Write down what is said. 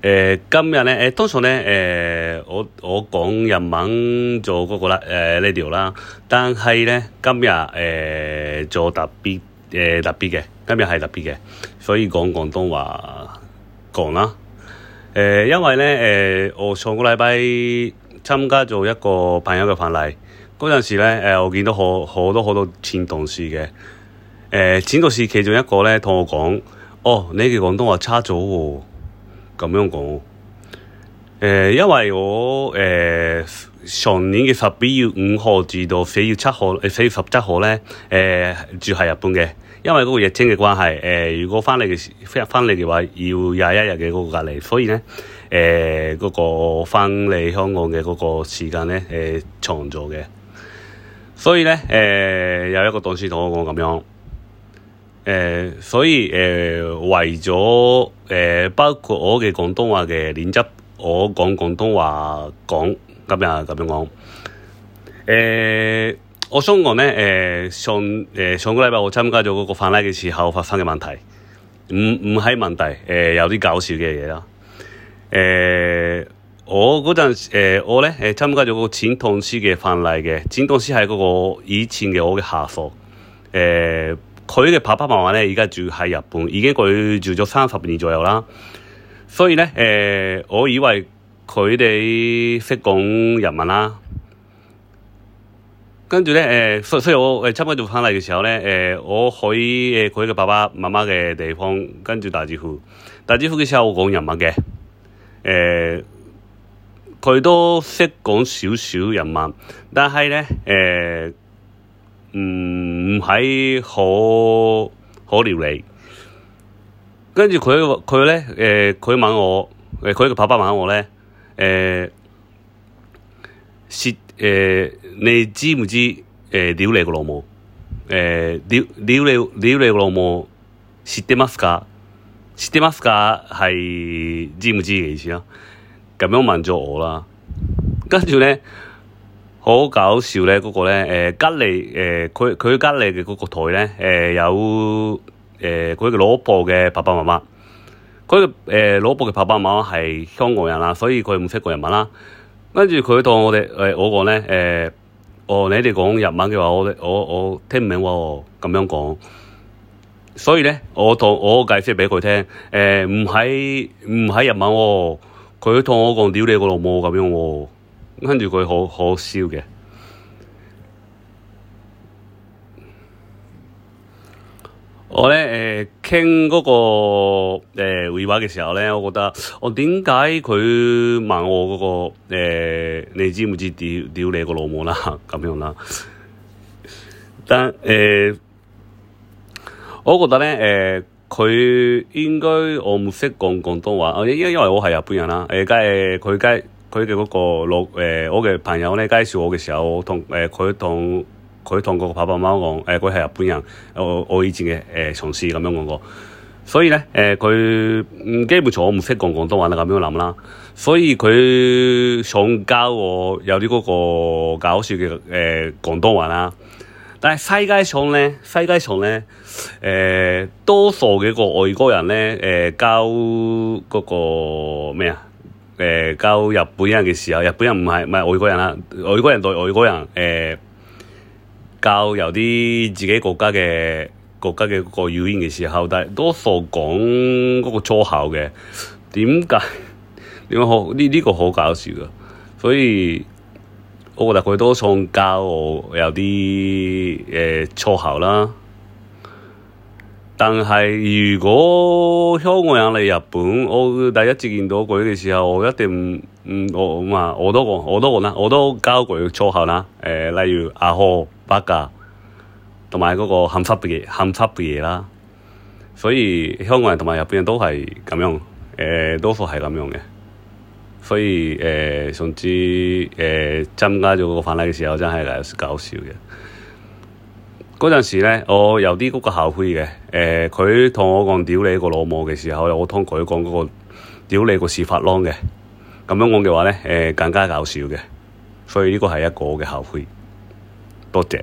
誒、呃、今日咧，誒通常咧，誒、呃、我我講日文做嗰、那個啦，誒、呃、呢條啦，但係咧今日誒、呃、做特別誒、呃、特別嘅，今日係特別嘅，所以講廣東話講啦。誒、呃、因為咧，誒、呃、我上個禮拜參加咗一個朋友嘅婚禮，嗰陣時咧，誒、呃、我見到好好多好多前同事嘅，誒、呃、前同事其中一個咧同我講：哦，你嘅廣東話差咗喎、哦。咁樣講，誒、呃，因為我誒、呃、上年嘅十二月五號至到四月七號四、呃、月十七號咧，誒、呃、住喺日本嘅。因為嗰個疫情嘅關係，誒、呃、如果翻嚟嘅翻翻嚟嘅話，要廿一日嘅嗰個隔離，所以咧誒，嗰個翻嚟香港嘅嗰個時間咧，誒長咗嘅，所以咧誒、呃、有一個導師同我講咁樣。誒、呃，所以誒、呃、為咗誒、呃、包括我嘅廣東話嘅練習，我講廣東話講咁樣咁樣講。誒、呃，我想講咧，誒、呃、上誒上個禮拜我參加咗嗰個婚禮嘅時候發生嘅問題，唔唔係問題，誒、呃、有啲搞笑嘅嘢咯。誒、呃，我嗰陣誒我咧誒參加咗個前同事嘅婚禮嘅，前同事係嗰個以前嘅我嘅下屬，誒、呃。佢嘅爸爸媽媽咧，而家住喺日本，已經佢住咗三十年左右啦。所以咧，誒、呃，我以為佢哋識講日文啦。跟住咧，誒、呃，所所以我誒差唔多就翻嚟嘅時候咧，誒、呃，我去誒佢嘅爸爸媽媽嘅地方，跟住打招呼，打招呼嘅時候我講日文嘅，誒、呃，佢都識講少少日文，但係咧，誒、呃。唔係、嗯、好好料理，跟住佢佢咧，誒，佢、欸、問我，誒、欸，佢個爸爸問我呢誒，識、欸、誒、欸，你知唔知誒、欸，屌你個老母，誒、欸，屌你屌你個老母，知ってますか？知ってますか？係知唔知嘅意思啊？咁樣問咗我啦，跟住呢。好搞笑咧，嗰個咧，誒、呃，隔籬，誒、呃，佢佢隔籬嘅嗰個台咧，誒、呃，有，誒、呃，佢嘅老婆嘅爸爸媽媽，佢誒、呃、老婆嘅爸爸媽媽係香港人啦，所以佢唔識講日文啦。跟住佢同我哋，誒、欸，我講咧，誒、欸，我、哦、你哋講日文嘅話，我我我聽唔明喎，咁樣講。所以咧，我同我解釋畀佢聽，誒、欸，唔係唔係日文喎、哦，佢同我講屌你個老母咁樣喎、哦。跟住佢好好笑嘅。我呢誒聽嗰個誒會話嘅時候呢，我覺得我點解佢問我嗰個誒你知唔知屌屌你個老母啦咁樣啦？但誒，我覺得呢誒，佢應該我唔識講廣東話，因因為我係日本人啦。誒家誒佢家。佢嘅嗰個，誒，我嘅朋友咧介紹我嘅時候，同誒佢，同佢同個爸爸媽媽講，誒，佢係日本人，我我以前嘅同事咁樣講過。所以咧、誒、佢基本上我唔識講廣東話啦，咁樣諗啦。所以佢想教我有啲嗰個搞笑嘅廣東話啦。但係世界上咧，世界上咧，多數嘅外國人咧，教嗰個咩啊？誒、呃、教日本人嘅時候，日本人唔係唔係外國人啦，外國人對外國人誒、呃、教有啲自己國家嘅國家嘅嗰個語言嘅時候，但係多數講嗰個粗口嘅，點解點講好呢？呢、這個這個好搞笑㗎，所以我覺得佢都想教我有啲誒、呃、粗口啦。但係如果香港人嚟日本，我第一次見到佢嘅時候，我一定唔、嗯、我話我都講我都講啦，我都教佢粗口啦。誒、呃，例如阿河八噶，同埋嗰個冚濕嘅嘢冚濕嘅嘢啦。所以香港人同埋日本人都係咁樣，誒、呃、多數係咁樣嘅。所以誒、呃、上次誒參、呃、加咗個反例嘅時候，真係係搞笑嘅。嗰陣時咧，我有啲嗰個後悔嘅，誒、呃，佢同我講屌你個老母嘅時候，我同佢講嗰個屌你個屎忽窿嘅，咁樣講嘅話咧，誒、呃，更加搞笑嘅，所以呢個係一個嘅後悔，多謝。